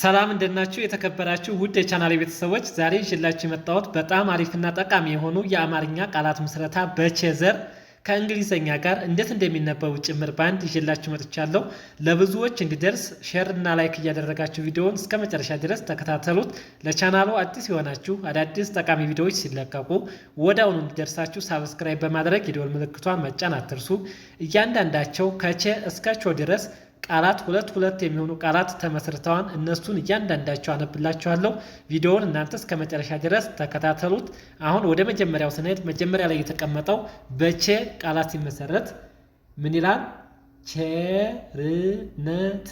ሰላም እንደናችሁ የተከበራችሁ ውድ የቻናል ቤተሰቦች፣ ዛሬ ይዤላችሁ የመጣሁት በጣም አሪፍና ጠቃሚ የሆኑ የአማርኛ ቃላት ምስረታ በቼዘር ከእንግሊዘኛ ጋር እንዴት እንደሚነበቡ ጭምር በአንድ ይዤላችሁ መጥቻለሁ። ለብዙዎች እንዲደርስ ሼር እና ላይክ እያደረጋችሁ ቪዲዮውን እስከ መጨረሻ ድረስ ተከታተሉት። ለቻናሉ አዲስ የሆናችሁ አዳዲስ ጠቃሚ ቪዲዮዎች ሲለቀቁ ወዲያውኑ እንዲደርሳችሁ ሳብስክራይብ በማድረግ የደወል ምልክቷን መጫን አትርሱ። እያንዳንዳቸው ከቼ እስከ ቾ ድረስ ቃላት ሁለት ሁለት የሚሆኑ ቃላት ተመስርተዋን። እነሱን እያንዳንዳቸው አነብላችኋለሁ። ቪዲዮውን እናንተ እስከ መጨረሻ ድረስ ተከታተሉት። አሁን ወደ መጀመሪያው ስንሄድ መጀመሪያ ላይ የተቀመጠው በቼ ቃላት ሲመሰረት ምን ይላል? ቸርነት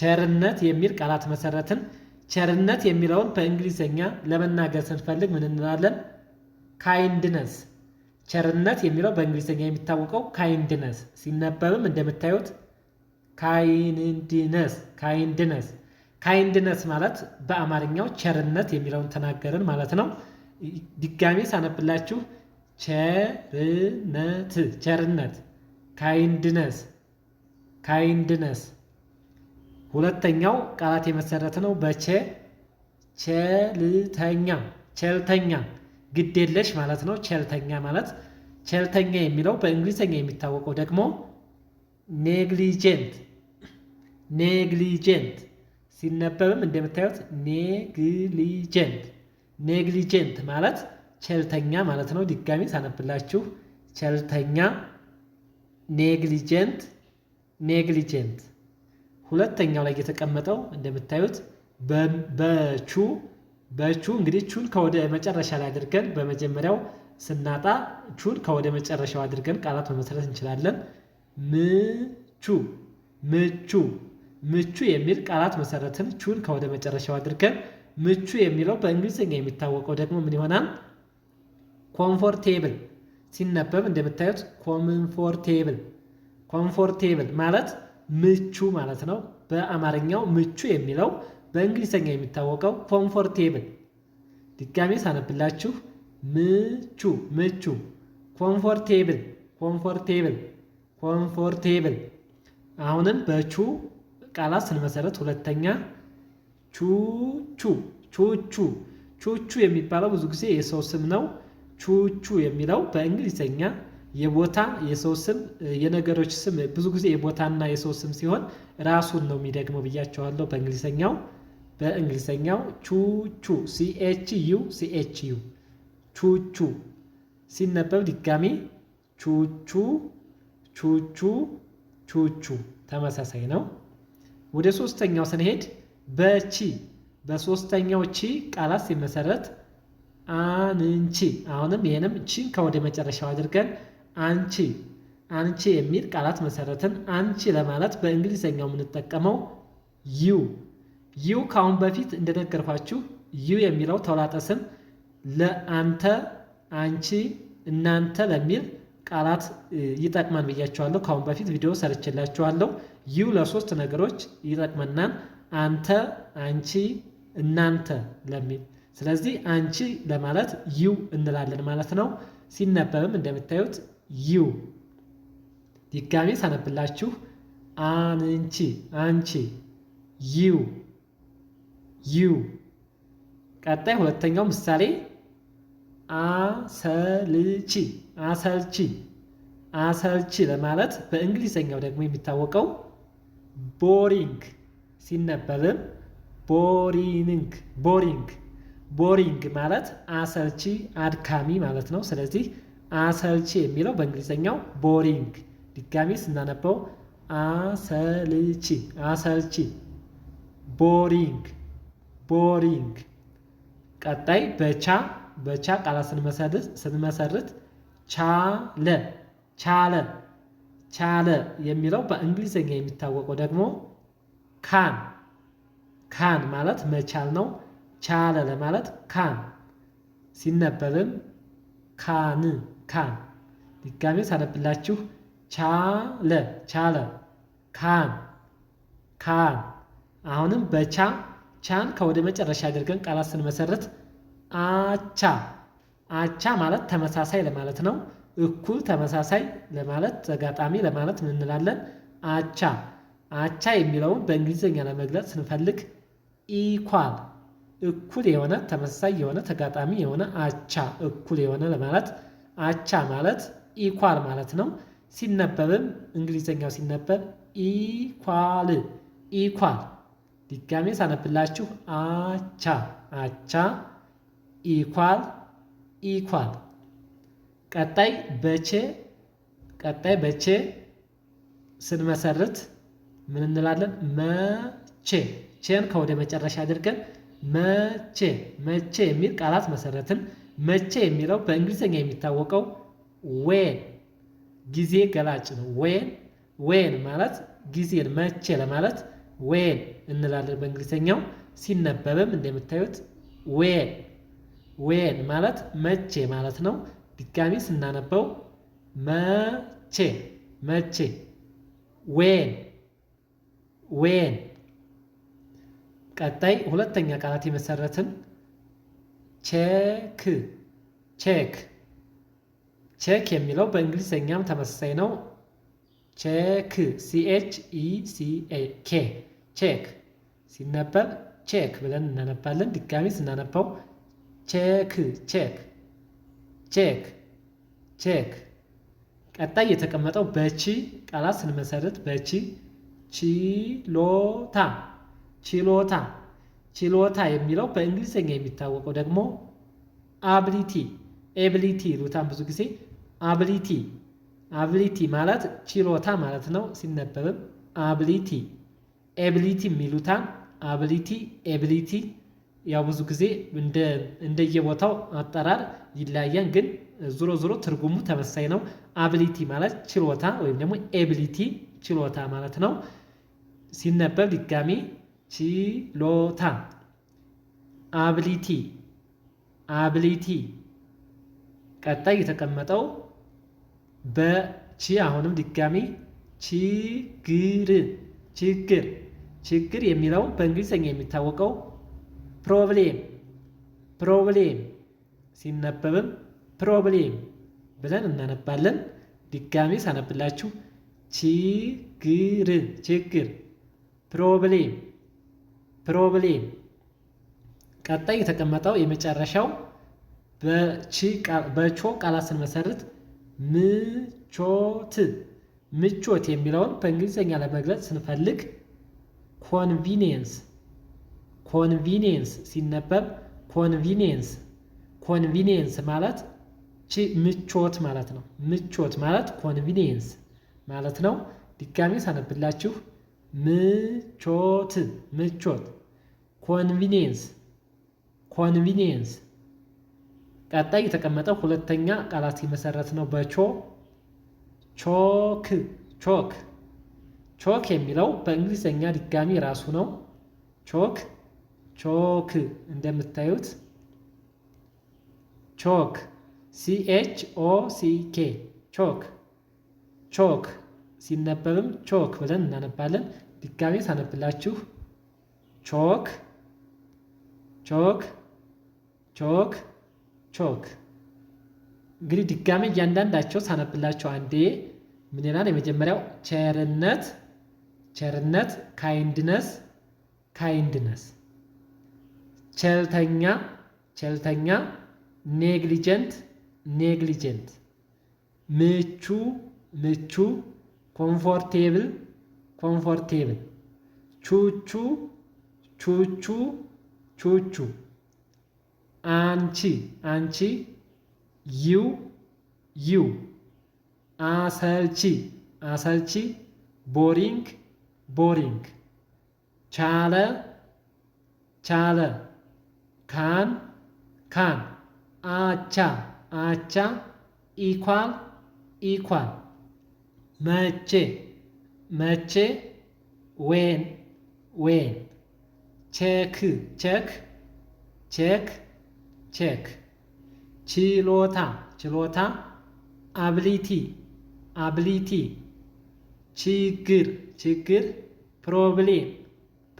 ቸርነት የሚል ቃላት መሰረትን። ቸርነት የሚለውን በእንግሊዝኛ ለመናገር ስንፈልግ ምን እንላለን? ካይንድነስ። ቸርነት የሚለው በእንግሊዝኛ የሚታወቀው ካይንድነስ ሲነበብም እንደምታዩት ካይንድነስ ካይንድነስ ካይንድነስ ማለት በአማርኛው ቸርነት የሚለውን ተናገርን ማለት ነው። ድጋሜ ሳነብላችሁ ቸርነት ቸርነት ካይንድነስ ካይንድነስ ሁለተኛው ቃላት የመሰረት ነው። በቼ ቸልተኛ ቸልተኛ ግዴለሽ ማለት ነው። ቸልተኛ ማለት ቸልተኛ የሚለው በእንግሊዝኛ የሚታወቀው ደግሞ ኔግሊጀንት ኔግሊጀንት ሲነበብም እንደምታዩት ኔግሊጀንት ኔግሊጀንት ማለት ቸልተኛ ማለት ነው። ድጋሚ ሳነብላችሁ ቸልተኛ፣ ኔግሊጀንት ኔግሊጀንት። ሁለተኛው ላይ የተቀመጠው እንደምታዩት በቹ በቹ እንግዲህ ቹን ከወደ መጨረሻ ላይ አድርገን በመጀመሪያው ስናጣ ቹን ከወደ መጨረሻው አድርገን ቃላት መመስረት እንችላለን። ምቹ ምቹ ምቹ የሚል ቃላት መሰረትን ቹን ከወደ መጨረሻው አድርገን ምቹ የሚለው በእንግሊዝኛ የሚታወቀው ደግሞ ምን ይሆናል? ኮምፎርቴብል ሲነበብ እንደምታዩት ኮምፎርቴብል ኮምፎርቴብል ማለት ምቹ ማለት ነው። በአማርኛው ምቹ የሚለው በእንግሊዝኛ የሚታወቀው ኮምፎርቴብል። ድጋሜ ሳነብላችሁ ምቹ ምቹ ኮምፎርቴብል ኮምፎርቴብል ኮምፎርቴብል አሁንም በቹ ቃላት ስንመሰረት ሁለተኛ ቹቹ ቹቹ ቹቹ የሚባለው ብዙ ጊዜ የሰው ስም ነው። ቹቹ የሚለው በእንግሊዝኛ የቦታ የሰው ስም የነገሮች ስም ብዙ ጊዜ የቦታና የሰው ስም ሲሆን ራሱን ነው የሚደግመው ብያቸዋለሁ። በእንግሊዝኛው በእንግሊዝኛው ቹቹ ሲኤች ዩ ሲኤች ዩ ቹቹ ሲነበብ ድጋሚ ቹቹ ቹቹ ቹቹ ተመሳሳይ ነው። ወደ ሶስተኛው ስንሄድ በቺ በሶስተኛው ቺ ቃላት ሲመሰረት አንቺ። አሁንም ይህንም ቺን ከወደ መጨረሻው አድርገን አንቺ አንቺ የሚል ቃላት መሰረትን። አንቺ ለማለት በእንግሊዝኛው የምንጠቀመው ዩ ዩ። ከአሁን በፊት እንደነገርኳችሁ ዩ የሚለው ተውላጠ ስም ለአንተ፣ አንቺ፣ እናንተ ለሚል ቃላት ይጠቅማን ብያችኋለሁ። ከአሁን በፊት ቪዲዮ ሰርችላችኋለሁ። ዩ ለሶስት ነገሮች ይጠቅመናል። አንተ፣ አንቺ፣ እናንተ ለሚል ስለዚህ አንቺ ለማለት ዩ እንላለን ማለት ነው። ሲነበብም እንደምታዩት ዩ። ድጋሜ ሳነብላችሁ አንቺ፣ አንቺ፣ ዩ፣ ዩ። ቀጣይ ሁለተኛው ምሳሌ አሰልቺ፣ አሰልቺ፣ አሰልቺ ለማለት በእንግሊዘኛው ደግሞ የሚታወቀው ቦሪንግ ሲነበብም ቦሪንግ ቦሪንግ ቦሪንግ ማለት አሰልቺ አድካሚ ማለት ነው። ስለዚህ አሰልቺ የሚለው በእንግሊዝኛው ቦሪንግ፣ ድጋሚ ስናነበው አሰልቺ አሰልቺ። ቦሪንግ ቦሪንግ። ቀጣይ በቻ በቻ ቃላት ስንመሰርት ቻለ ቻለ ቻለ የሚለው በእንግሊዝኛ የሚታወቀው ደግሞ ካን ካን ማለት መቻል ነው። ቻለ ለማለት ካን ሲነበብም ካን ካን። ድጋሜ ሳነብላችሁ ቻለ ቻለ ካን ካን። አሁንም በቻ ቻን ከወደ መጨረሻ አድርገን ቃላት ስንመሰረት አቻ አቻ ማለት ተመሳሳይ ለማለት ነው። እኩል፣ ተመሳሳይ ለማለት ተጋጣሚ ለማለት ምን እንላለን? አቻ። አቻ የሚለውን በእንግሊዝኛ ለመግለጽ ስንፈልግ ኢኳል፣ እኩል የሆነ ተመሳሳይ የሆነ ተጋጣሚ የሆነ አቻ፣ እኩል የሆነ ለማለት አቻ ማለት ኢኳል ማለት ነው። ሲነበብም እንግሊዝኛው ሲነበብ ኢኳል ኢኳል። ድጋሜ ሳነብላችሁ አቻ አቻ ኢኳል ኢኳል ቀጣይ በቼ ቀጣይ በቼ ስንመሰርት ምን እንላለን? መቼ ቼን ከወደ መጨረሻ አድርገን መቼ መቼ የሚል ቃላት መሰረትን። መቼ የሚለው በእንግሊዝኛ የሚታወቀው ዌን ጊዜ ገላጭ ነው። ዌን ዌን ማለት ጊዜን መቼ ለማለት ዌን እንላለን በእንግሊዝኛው። ሲነበብም እንደምታዩት ዌን ዌን ማለት መቼ ማለት ነው። ድጋሚ ስናነበው መቼ መቼ ዌን ዌን ቀጣይ ሁለተኛ ቃላት የመሰረትን ቼክ ቼክ ቼክ የሚለው በእንግሊዝኛም ተመሳሳይ ነው። ቼክ ሲኤች ኢ ሲ ኬ ቼክ ሲነበብ ቼክ ብለን እናነባለን። ድጋሚ ስናነባው ቼክ ቼክ ቼክ ቼክ። ቀጣይ የተቀመጠው በቺ ቃላት ስንመሰረት በቺ ችሎታ ችሎታ ችሎታ የሚለው በእንግሊዝኛ የሚታወቀው ደግሞ አብሊቲ ኤብሊቲ ሩታን ብዙ ጊዜ አብሊቲ አብሊቲ ማለት ችሎታ ማለት ነው። ሲነበብም አብሊቲ ኤብሊቲ የሚሉታን አብሊቲ ኤብሊቲ ያው ብዙ ጊዜ እንደየቦታው አጠራር ይለያያል፣ ግን ዞሮ ዞሮ ትርጉሙ ተመሳሳይ ነው። አብሊቲ ማለት ችሎታ ወይም ደግሞ ኤብሊቲ ችሎታ ማለት ነው። ሲነበብ ድጋሚ ችሎታ አብሊቲ አብሊቲ ቀጣይ የተቀመጠው በቺ አሁንም ድጋሚ ችግር ችግር ችግር የሚለው በእንግሊዝኛ የሚታወቀው ፕሮብሌም ፕሮብሌም ሲነበብም ፕሮብሌም ብለን እናነባለን። ድጋሚ ሳነብላችሁ ችግር ችግር ፕሮብሌም ፕሮብሌም። ቀጣይ የተቀመጠው የመጨረሻው በቾ ቃላት ስንመሰርት ምቾት ምቾት የሚለውን በእንግሊዝኛ ለመግለጽ ስንፈልግ ኮንቪኒየንስ ኮንቪኒየንስ ሲነበብ ኮንቪኒየንስ ኮንቪኒየንስ ማለት ምቾት ማለት ነው። ምቾት ማለት ኮንቪኒየንስ ማለት ነው። ድጋሚ ሳነብላችሁ ምቾት ምቾት ኮንቪኒየንስ ኮንቪኒየንስ ቀጣይ የተቀመጠው ሁለተኛ ቃላት ሲመሰረት ነው። በቾ ቾክ ቾክ ቾክ የሚለው በእንግሊዝኛ ድጋሚ ራሱ ነው ቾክ ቾክ እንደምታዩት ቾክ ሲኤች ኦ ሲኬ ቾክ ቾክ ሲነበብም ቾክ ብለን እናነባለን። ድጋሜ ሳነብላችሁ ቾክ ቾክ ቾክ ቾክ። እንግዲህ ድጋሜ እያንዳንዳቸው ሳነብላቸው አንዴ ምን ይላል? የመጀመሪያው ቸርነት ቸርነት፣ ካይንድነስ ካይንድነስ ቸልተኛ ቸልተኛ ኔግሊጀንት ኔግሊጀንት ምቹ ምቹ ኮምፎርቴብል ኮምፎርቴብል ቹቹ ቹቹ ቹቹ አንቺ አንቺ ዩ ዩ አሰልቺ አሰልቺ ቦሪንግ ቦሪንግ ቻለ ቻለ ካን ካን አቻ አቻ ኢኳል ኢኳል መቼ መቼ ዌን ዌን ቼክ ቼክ ቼክ ቼክ ችሎታ ችሎታ አብሊቲ አብሊቲ ችግር ችግር ፕሮብሌም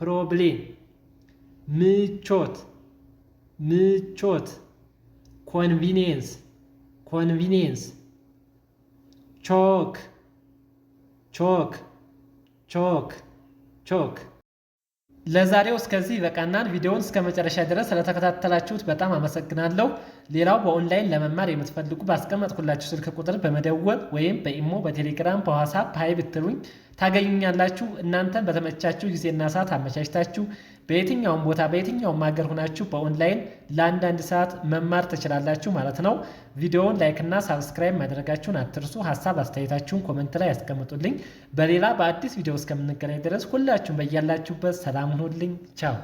ፕሮብሌም ምቾት ምቾት ኮንቪኒየንስ ኮንቪኒየንስ ቾክ ቾክ ቾክ ቾክ ለዛሬው እስከዚህ ይበቃናል። ቪዲዮውን እስከ መጨረሻ ድረስ ስለተከታተላችሁት በጣም አመሰግናለሁ። ሌላው በኦንላይን ለመማር የምትፈልጉ ባስቀመጥኩላችሁ ስልክ ቁጥር በመደወል ወይም በኢሞ፣ በቴሌግራም፣ በዋትስአፕ ሀይ ብትሉኝ ታገኙኛላችሁ። እናንተን በተመቻችሁ ጊዜና ሰዓት አመቻችታችሁ በየትኛውም ቦታ በየትኛውም ሀገር ሆናችሁ በኦንላይን ለአንዳንድ ሰዓት መማር ትችላላችሁ ማለት ነው። ቪዲዮውን ላይክና ሳብስክራይብ ማድረጋችሁን አትርሱ። ሀሳብ አስተያየታችሁን ኮመንት ላይ ያስቀምጡልኝ። በሌላ በአዲስ ቪዲዮ እስከምንገናኝ ድረስ ሁላችሁም በያላችሁበት ሰላም ሁኑልኝ። ቻው